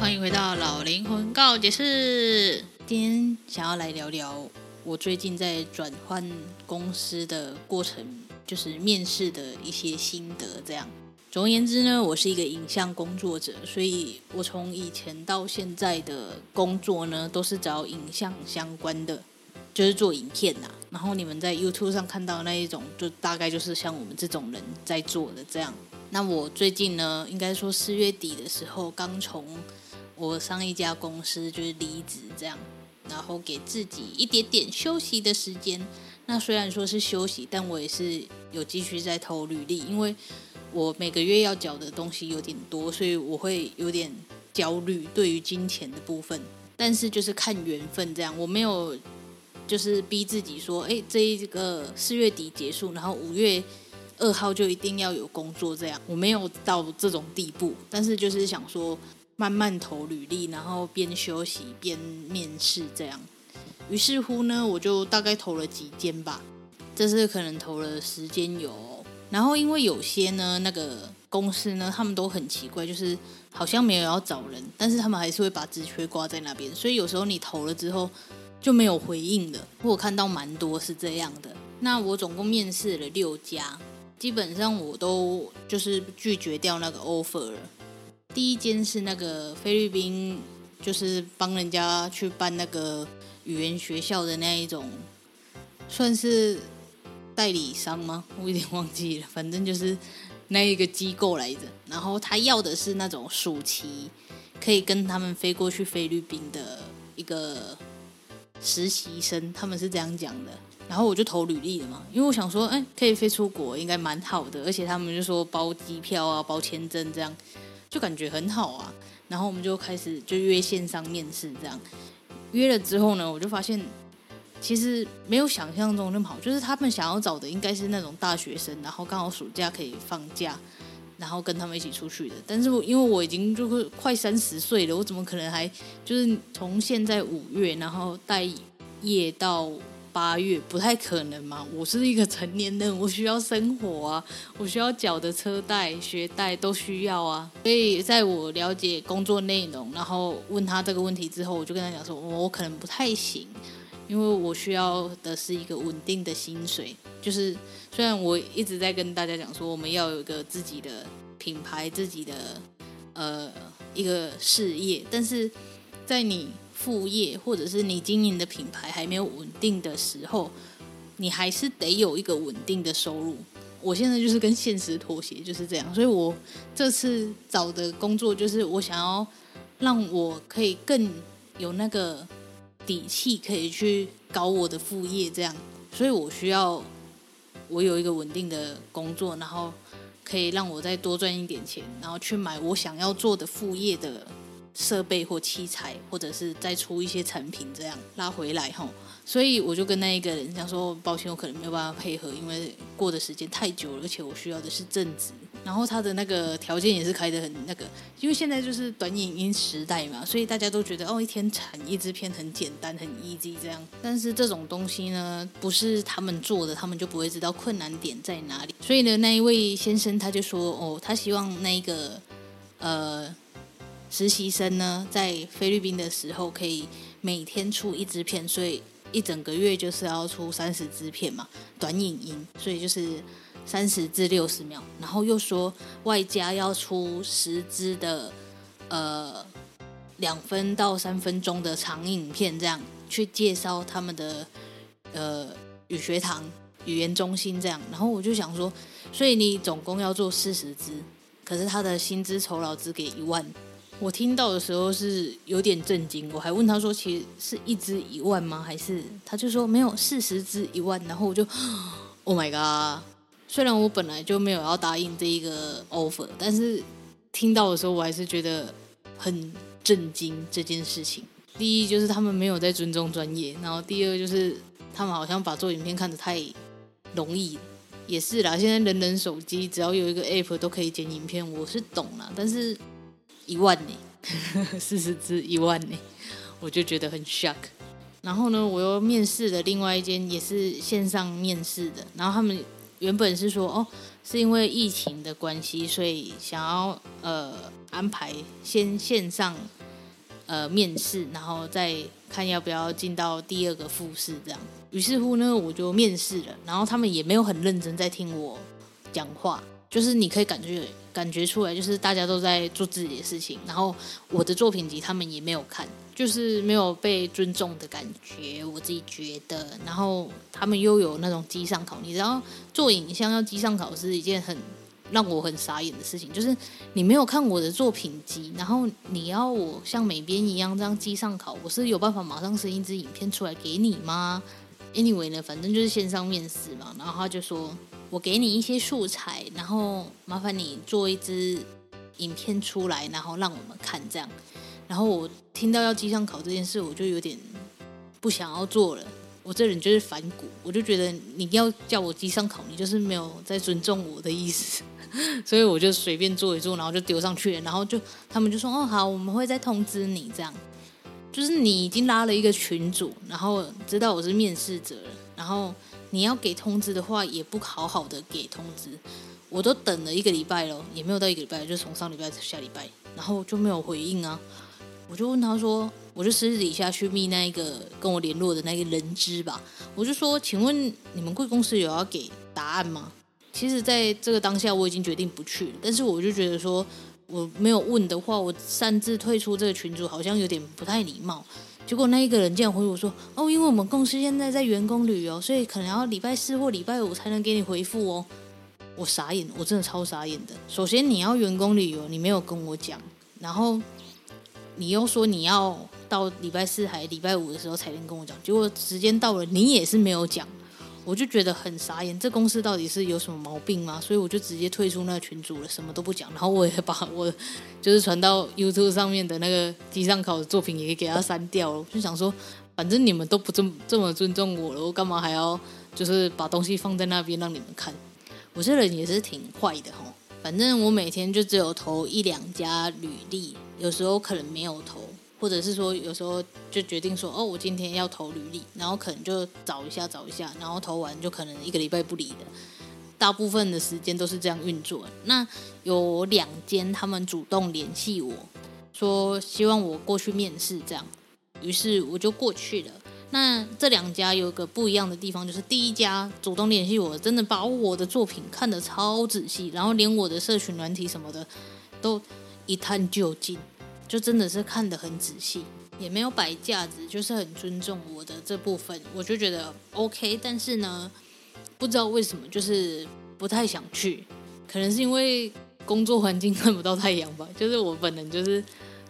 歡迎回到老靈魂告解室。今天想要來聊聊我最近在轉換公司的過程，就是面試的一些心得。這樣，總而言之呢，我是一個影像工作者，所以我從以前到現在的工作呢，都是找影像相關的，就是做影片吶、啊。然後你們在 YouTube 上看到那一種，就大概就是像我們這種人在做的這樣。那我最近呢，應該說四月底的時候，剛從我上一家公司就是離職，這樣，然後給自己一點點休息的時間。那雖然說是休息，但我也是有繼續在投履歷，因為我每個月要繳的東西有點多，所以我會有點焦慮對於金錢的部分。但是就是看緣分這樣，我沒有就是逼自己說，欸，這一個四月底結束，然後五月。二號就一定要有工作，這樣，我沒有到這種地步，但是就是想說慢慢投履歷，然後邊休息邊面試這樣。於是乎呢，我就大概投了幾間吧，這次可能投了十間有哦。然後因為有些呢，那個公司呢，他們都很奇怪，就是好像沒有要找人，但是他們還是會把職缺掛在那邊，所以有時候你投了之後就沒有回應的。我看到蠻多是這樣的。那我總共面試了六家。基本上我都就是拒絕掉那個 offer 了。第一間是那個菲律賓，就是幫人家去辦那個語言學校的那一種，算是代理商嗎？我有點忘記了，反正就是那一個機構來着。然後他要的是那種暑期可以跟他們飛過去菲律賓的一個實習生，他們是這樣講的。然後我就投履歷了嘛，因為我想說，哎、欸，可以飛出國，應該蠻好的。而且他們就說包機票啊，包簽證這樣，就感覺很好啊。然後我們就開始就約線上面試，這樣約了之後呢，我就發現其實沒有想象中那麼好。就是他們想要找的應該是那種大學生，然後剛好暑假可以放假，然後跟他們一起出去的。但是因為我已經就是快三十歲了，我怎麼可能還就是從現在五月，然後待業到……八月不太可能嘛，我是一個成年人，我需要生活啊，我需要繳的車貸、學貸都需要啊。所以在我了解工作內容，然後問他這個問題之後，我就跟他講說，我可能不太行，因為我需要的是一個穩定的薪水。就是雖然我一直在跟大家講說，我們要有一個自己的品牌、自己的呃一個事業，但是在你。副業或者是你經營的品牌還沒有穩定的時候，你還是得有一個穩定的收入。我現在就是跟現實妥協，就是這樣。所以我這次找的工作就是我想要讓我可以更有那個底氣，可以去搞我的副業，這樣。所以我需要我有一個穩定的工作，然後可以讓我再多賺一點錢，然後去買我想要做的副業的設備或器材，或者是再出一些產品，這樣拉回來吼。所以我就跟那一個人講說：“抱歉，我可能沒有辦法配合，因為過的時間太久了，而且我需要的是正職。”然後他的那個條件也是開得很那個，因為現在就是短影音時代嘛，所以大家都覺得哦，一天產一支片很簡單、很 easy 這樣。但是這種東西呢，不是他們做的，他們就不會知道困難點在哪裡。所以呢，那一位先生他就說：“哦，他希望那一個呃。”實習生呢，在菲律賓的時候可以每天出一支片，所以一整個月就是要出三十支片嘛，短影音，所以就是三十至六十秒。然後又說外加要出十支的呃兩分到三分鐘的長影片，這樣去介紹他們的呃語學堂、語言中心這樣。然後我就想說，所以你總共要做四十支，可是他的薪資酬勞只給一萬。我聽到的時候是有點震驚，我還問他說：“其實是一支一萬嗎？”還是他就說：“沒有，四十支一萬。”然後我就 “Oh my god！” 雖然我本來就沒有要答應這一個 offer，但是聽到的時候我還是覺得很震驚這件事情。第一就是他們沒有在尊重專業，然後第二就是他們好像把做影片看得太容易了，也是啦。現在人人手機只要有一個 app 都可以剪影片，我是懂啦，但是。一萬呢，四十只一萬呢， 我就覺得很 shock。然後呢，我又面試了另外一間也是線上面試的，然後他們原本是說，哦，是因為疫情的關係，所以想要呃安排先線上呃面試，然後再看要不要進到第二個複試這樣。於是乎呢，我就面試了，然後他們也沒有很認真在聽我講話。就是你可以感覺感覺出來，就是大家都在做自己的事情，然後我的作品集他們也沒有看，就是沒有被尊重的感覺，我自己覺得。然後他們又有那種機上考，你知道做影像要機上考是一件很讓我很傻眼的事情。就是你沒有看我的作品集，然後你要我像美編一樣這樣機上考，我是有辦法馬上生一支影片出來給你嗎？Anyway 呢，反正就是線上面試嘛，然後他就說，我給你一些素材，然後麻煩你做一支影片出來，然後讓我們看這樣。然後我聽到要機上考這件事，我就有點不想要做了。我這人就是反骨，我就覺得你要叫我機上考，你就是沒有在尊重我的意思，所以我就隨便做一做，然後就丟上去了。然後就他們就說哦好，我們會再通知你這樣。就是你已經拉了一個群組，然後知道我是面試者，然後你要給通知的話，也不好好的給通知，我都等了一個禮拜了，也沒有到一個禮拜，就從上禮拜到下禮拜，然後就沒有回應啊，我就問他說，我就私底下去密那一個跟我聯絡的那個人知吧，我就說，請問你們貴公司有要給答案嗎？其實，在這個當下，我已經決定不去了，但是我就覺得說。我沒有問的話，我擅自退出這個群組，好像有點不太禮貌。結果那一個人竟然回我說：“哦，因為我們公司現在在員工旅遊，所以可能要禮拜四或禮拜五才能給你回復哦。”我傻眼，我真的超傻眼的。首先你要員工旅遊，你沒有跟我講，然後你又說你要到禮拜四還禮拜五的時候才能跟我講，結果時間到了，你也是沒有講。我就覺得很傻眼，這公司到底是有什麼毛病嗎？所以我就直接退出那群組了，什麼都不講。然後我也把我就是傳到 YouTube 上面的那個機上考的作品也給他刪掉了。我就想說，反正你們都不這麼這麼尊重我了，我幹嘛還要就是把東西放在那邊讓你們看？我這人也是挺壞的哈。反正我每天就只有投一兩家履歷，有時候可能沒有投。或者是說，有時候就決定說，哦，我今天要投履歷，然後可能就找一下，找一下，然後投完就可能一個禮拜不理的。大部分的時間都是這樣運作。那有兩間，他們主動聯繫我，說希望我過去面試，這樣，於是我就過去了。那這兩家有一個不一樣的地方，就是第一家主動聯繫我，真的把我的作品看得超仔細，然後連我的社群軟體什麼的都一探究竟。就真的是看得很仔細，也沒有擺架子，就是很尊重我的這部分，我就覺得 OK。但是呢，不知道為什麼，就是不太想去，可能是因為工作環境看不到太陽吧，就是我本人就是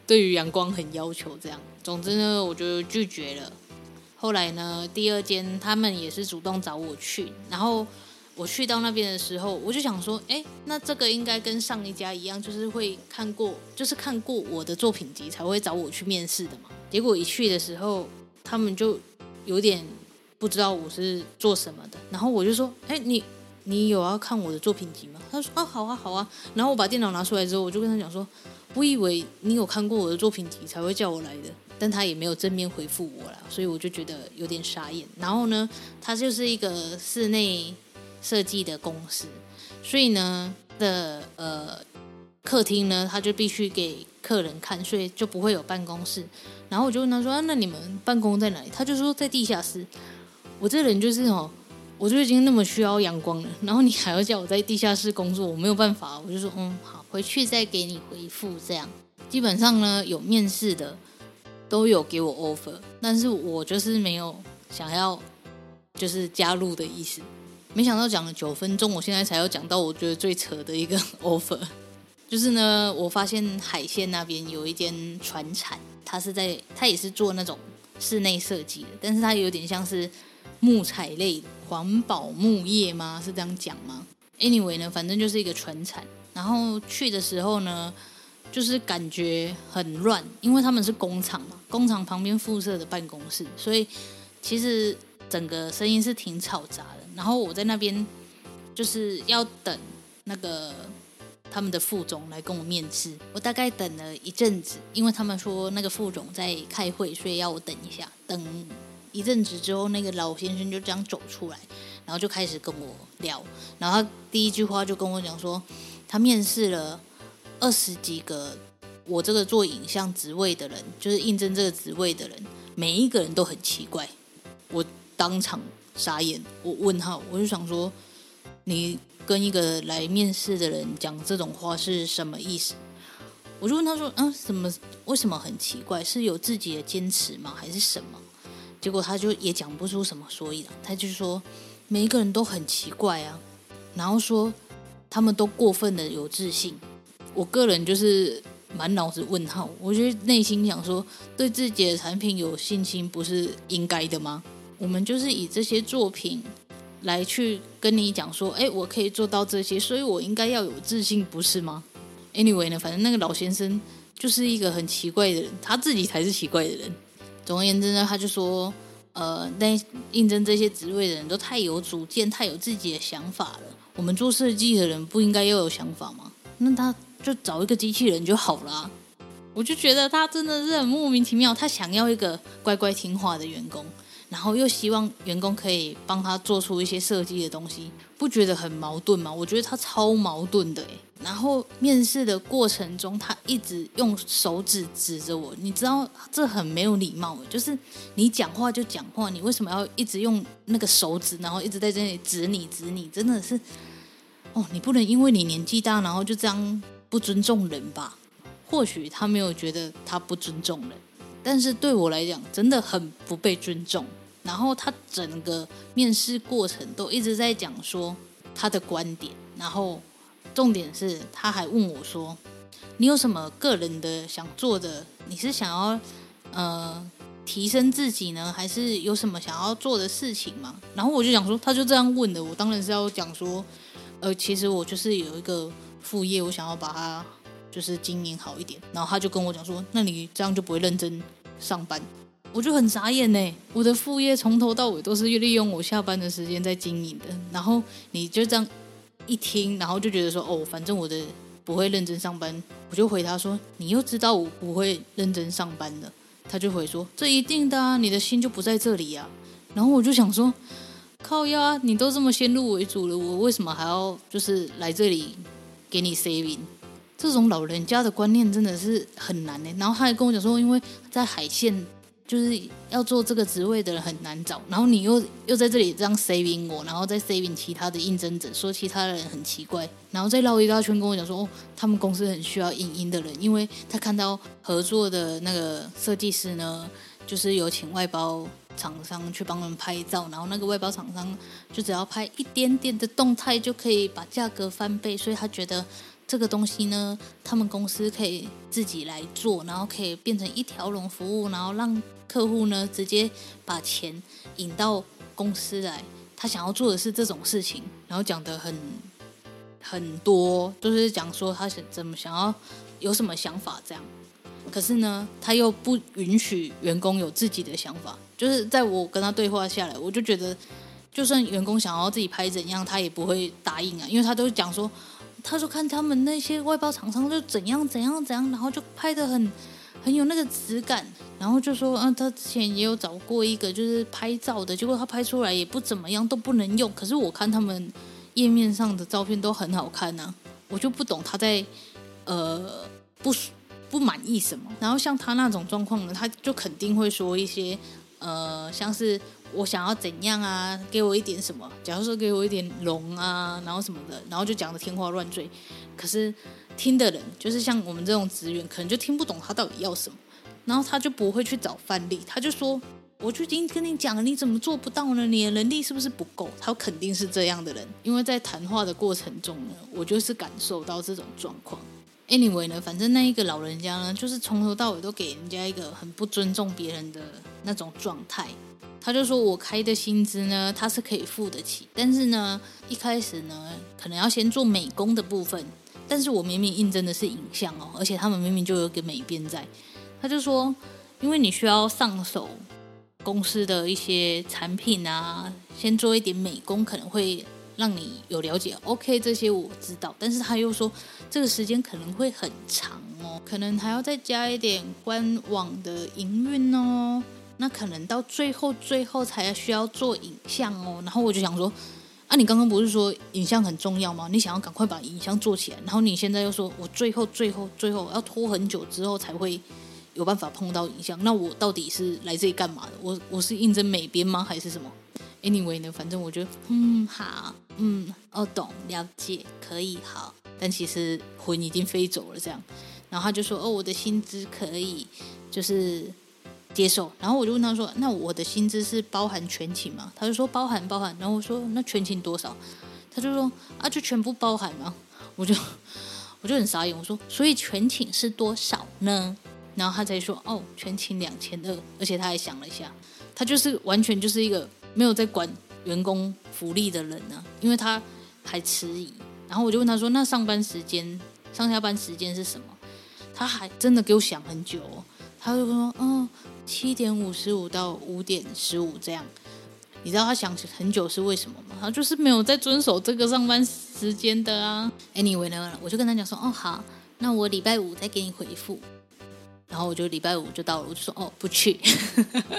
對於陽光很要求這樣。總之呢，我就拒絕了。後來呢，第二間他們也是主動找我去，然後。我去到那邊的時候，我就想說，哎，那這個應該跟上一家一樣，就是會看過，就是看過我的作品集才會找我去面試的嘛。結果一去的時候，他們就有點不知道我是做什麼的。然後我就說，哎，你你有要、啊、看我的作品集嗎？他說，啊，好啊，好啊。然後我把電腦拿出來之後，我就跟他講說，我以為你有看過我的作品集才會叫我來的。但他也沒有正面回復我了，所以我就覺得有點傻眼。然後呢，他就是一個室內。設計的公司，所以呢的呃客廳呢，他就必須給客人看，所以就不會有辦公室。然後我就問他說，啊：“那你們辦公在哪裡？”他就說在地下室。我這人就是哦，我就已經那麼需要陽光了，然後你還要叫我在地下室工作，我沒有辦法。我就說：“嗯，好，回去再給你回復。”這樣。基本上呢，有面試的都有給我 offer，但是我就是沒有想要就是加入的意思。沒想到講了九分鐘，我現在才要講到我覺得最扯的一個 offer，就是呢，我發現海線那邊有一間船廠，它是在，它也是做那種室內設計的，但是它有點像是木材類環保木業嗎？是這樣講嗎？Anyway 呢，反正就是一個船廠，然後去的時候呢，就是感覺很亂，因為他們是工廠嘛，工廠旁邊附設的辦公室，所以其實。整個聲音是挺嘈雜的，然後我在那邊就是要等那個他們的副總來跟我面試，我大概等了一陣子，因為他們說那個副總在開會，所以要我等一下。等一陣子之後，那個老先生就這樣走出來，然後就開始跟我聊。然後他第一句話就跟我講說，他面試了二十幾個我這個做影像職位的人，就是應徵這個職位的人，每一個人都很奇怪，我。當場傻眼，我問號，我就想說，你跟一個來面試的人講這種話是什麼意思？我就問他說：“嗯、啊，什麼？為什麼很奇怪？是有自己的堅持嗎？還是什麼？”結果他就也講不出什麼所以然，他就說每一個人都很奇怪啊，然後說他們都過分的有自信。我個人就是滿腦子問號，我覺得內心想說，對自己的產品有信心不是應該的嗎？我們就是以這些作品來去跟你講說，哎，我可以做到這些，所以我應該要有自信，不是嗎？Anyway 呢，反正那個老先生就是一個很奇怪的人，他自己才是奇怪的人。總而言之呢，他就說，呃，但應徵這些職位的人都太有主見，太有自己的想法了。我們做設計的人不應該要有想法嗎？那他就找一個機器人就好了。我就覺得他真的是很莫名其妙，他想要一個乖乖聽話的員工。然後又希望員工可以幫他做出一些設計的東西，不覺得很矛盾嗎？我覺得他超矛盾的。然後面試的過程中，他一直用手指指着我，你知道這很沒有禮貌。就是你講話就講話，你為什麼要一直用那個手指，然後一直在這裡指你指你？真的是，哦，你不能因為你年紀大，然後就這樣不尊重人吧？或許他沒有覺得他不尊重人，但是對我來講，真的很不被尊重。然後他整個面試過程都一直在講說他的觀點，然後重點是他還問我說：“你有什麼個人的想做的？你是想要呃提升自己呢，還是有什麼想要做的事情嗎？”然後我就想說，他就這樣問的，我當然是要講說，呃，其實我就是有一個副業，我想要把它就是經營好一點。然後他就跟我講說：“那你這樣就不會認真上班。”我就很傻眼呢，我的副業從頭到尾都是利用我下班的時間在經營的。然後你就這樣一聽，然後就覺得說：“哦，反正我的不會認真上班。”我就回他說：“你又知道我不會認真上班的。”他就回說：“這一定的啊，你的心就不在這裡呀、啊。”然後我就想說：“靠呀，你都這麼先入為主了，我為什麼還要就是來這裡給你 saving？” 這種老人家的觀念真的是很難呢。然後他還跟我講說：“因為在海線。”就是要做這個職位的人很難找，然後你又又在這裡這樣 saving 我，然後再 saving 其他的應徵者，說其他人很奇怪，然後再繞一大圈跟我講說，哦，他們公司很需要影音的人，因為他看到合作的那個設計師呢，就是有請外包廠商去幫他們拍照，然後那個外包廠商就只要拍一點點的動態就可以把價格翻倍，所以他覺得。這個東西呢，他們公司可以自己來做，然後可以變成一條龍服務，然後讓客戶呢直接把錢引到公司來。他想要做的是這種事情，然後講得很很多，就是講說他想怎麼想要有什麼想法這樣。可是呢，他又不允許員工有自己的想法。就是在我跟他對話下來，我就覺得，就算員工想要自己拍怎樣，他也不會答應啊，因為他都講說。他就看他們那些外包廠商就怎樣怎樣怎樣，然後就拍得很，很有那個質感，然後就說，嗯、啊，他之前也有找過一個就是拍照的，結果他拍出來也不怎麼樣，都不能用。可是我看他們頁面上的照片都很好看呐、啊，我就不懂他在，呃，不不滿意什麼。然後像他那種狀況呢，他就肯定會說一些，呃，像是。我想要怎樣啊？給我一點什麼？假如說給我一點龍啊，然後什麼的，然後就講的天花亂墜。可是聽的人，就是像我們這種職員，可能就聽不懂他到底要什麼。然後他就不會去找範例，他就說：“我就已經跟你講了，你怎麼做不到呢？你的能力是不是不夠？”他肯定是這樣的人，因為在談話的過程中呢，我就是感受到這種狀況。Anyway 呢，反正那一個老人家呢，就是從頭到尾都給人家一個很不尊重別人的那種狀態。他就說我開的薪資呢，他是可以付得起，但是呢，一開始呢，可能要先做美工的部分。但是我明明應徵的是影像哦，而且他們明明就有個美編在。他就說，因為你需要上手公司的一些產品啊，先做一點美工，可能會讓你有了解。OK，這些我知道，但是他又說，這個時間可能會很長哦，可能還要再加一點官網的營運哦。那可能到最後、最後才需要做影像哦。然後我就想說，啊，你剛剛不是說影像很重要嗎？你想要趕快把影像做起來。然後你現在又說，我最後、最後、最後要拖很久之後才會有辦法碰到影像。那我到底是來這裡幹嘛的？我我是應徵美編嗎？還是什麼？Anyway 呢，反正我就嗯，好，嗯，哦，懂，了解，可以，好。但其實魂已經飛走了，這樣。然後他就說，哦，我的薪資可以，就是，接受，然後我就問他說：“那我的薪資是包含全勤嗎？”他就說：“包含，包含。”然後我說：“那全勤多少？”他就說：“啊，就全部包含嗎？”我就我就很傻眼，我說：“所以全勤是多少呢？”然後他才說：“哦，全勤兩千二。”而且他還想了一下，他就是完全就是一個沒有在管員工福利的人呢、啊，因為他還遲疑。然後我就問他說：“那上班時間、上下班時間是什麼？”他還真的給我想很久、哦，他就說：“嗯、哦。”七點五十五到五點十五這樣，你知道他想起很久是為什麼嗎？他就是沒有在遵守這個上班時間的啊。Anyway 呢，我就跟他講說，哦，好，那我禮拜五再給你回復。然後我就禮拜五就到了，我就說，哦不去，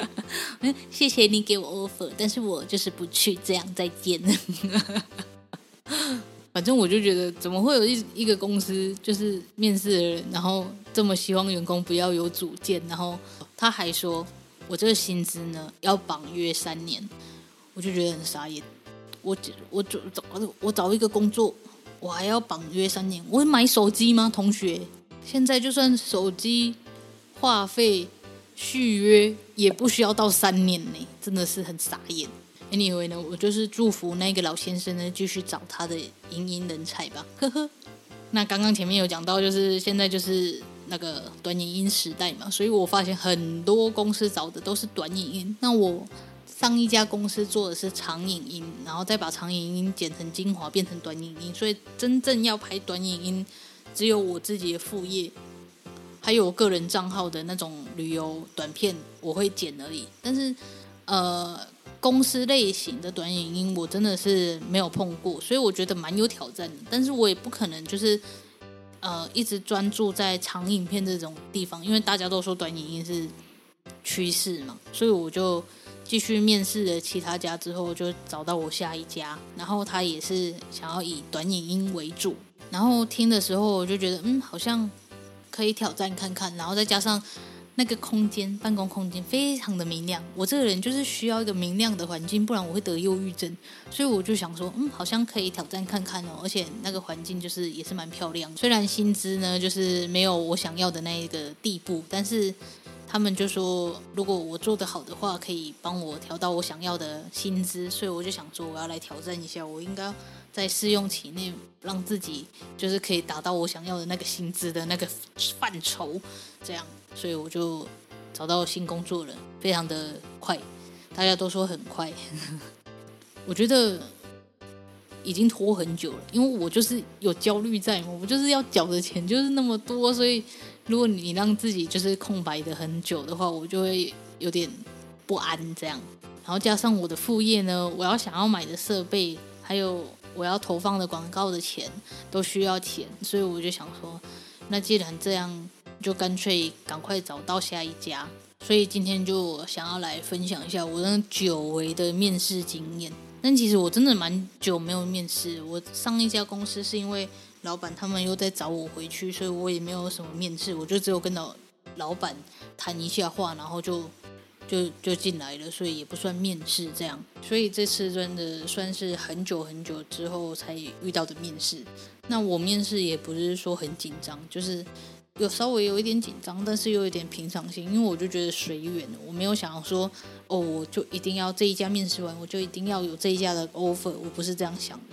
謝謝你給我 offer，但是我就是不去這樣，再見。 反正我就覺得，怎麼會有一一個公司就是面試的人，然後這麼希望員工不要有主見？然後他還說，我這個薪資呢要綁約三年，我就覺得很傻眼。我我我找，我找一個工作，我還要綁約三年？我會買手機嗎？同學，現在就算手機話費續約也不需要到三年呢，真的是很傻眼。你以為呢？我就是祝福那個老先生呢，繼續找他的影音人才吧。呵呵，那剛剛前面有講到，就是現在就是那個短影音時代嘛，所以我發現很多公司找的都是短影音。那我上一家公司做的是長影音，然後再把長影音剪成精華，變成短影音。所以真正要拍短影音，只有我自己的副業，還有我個人賬號的那種旅遊短片，我會剪而已。但是，呃。公司類型的短影音，我真的是沒有碰過，所以我覺得蠻有挑戰的。但是我也不可能就是，呃，一直專注在長影片這種地方，因為大家都說短影音是趨勢嘛，所以我就繼續面試了其他家，之後就找到我下一家，然後他也是想要以短影音為主。然後聽的時候，我就覺得，嗯，好像可以挑戰看看。然後再加上。那個空間，辦公空間非常的明亮。我這個人就是需要一個明亮的環境，不然我會得憂鬱症。所以我就想說，嗯，好像可以挑戰看看哦。而且那個環境就是也是蠻漂亮。雖然薪資呢就是沒有我想要的那一個地步，但是他們就說，如果我做得好的話，可以幫我調到我想要的薪資。所以我就想說，我要來挑戰一下。我應該在試用期內讓自己就是可以達到我想要的那個薪資的那個範疇，這樣。所以我就找到新工作了，非常的快，大家都說很快。 我覺得已經拖很久了，因為我就是有焦慮在我，我就是要繳的錢就是那麼多，所以如果你讓自己就是空白的很久的話，我就會有點不安這樣。然後加上我的副業呢，我要想要買的設備，還有我要投放的廣告的錢都需要錢，所以我就想說，那既然這樣。就乾脆趕快找到下一家，所以今天就想要來分享一下我那久違的面試經驗。但其實我真的蠻久沒有面試。我上一家公司是因為老闆他們又在找我回去，所以我也沒有什麼面試，我就只有跟老老闆談一下話，然後就就就進來了，所以也不算面試這樣。所以這次真的算是很久很久之後才遇到的面試。那我面試也不是說很緊張，就是。有稍微有一點緊張，但是又有點平常心，因為我就覺得隨緣。我沒有想要說，哦，我就一定要這一家面試完，我就一定要有這一家的 offer。我不是這樣想的。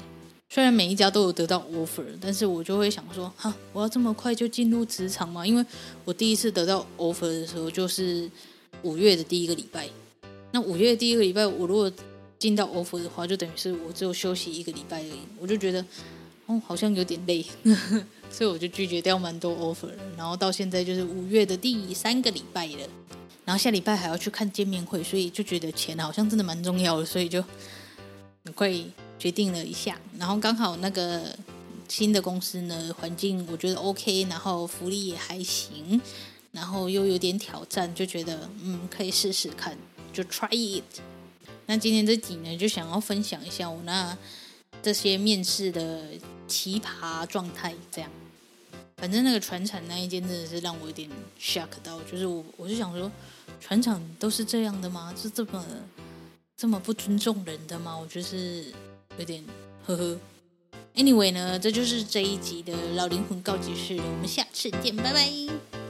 雖然每一家都有得到 offer，但是我就會想說，哈，我要這麼快就進入職場嗎？因為我第一次得到 offer 的時候，就是五月的第一個禮拜。那五月的第一個禮拜，我如果進到 offer 的話，就等於是我只有休息一個禮拜而已。我就覺得，哦，好像有點累。 所以我就拒絕掉蠻多 offer 了，然後到現在就是五月的第三個禮拜了，然後下禮拜還要去看見面會，所以就覺得錢好像真的蠻重要的，所以就很快決定了一下。然後剛好那個新的公司呢，環境我覺得 OK，然後福利也還行，然後又有點挑戰，就覺得嗯，可以試試看，就 try it。那今天這集呢，就想要分享一下我那這些面試的奇葩狀態，這樣。反正那個船廠那一間真的是讓我有點 shock 到，就是我我就想說，船廠都是這樣的嗎？是這麼這麼不尊重人的嗎？我就是有點呵呵。Anyway 呢，這就是這一集的老靈魂告解室，我們下次見，拜拜。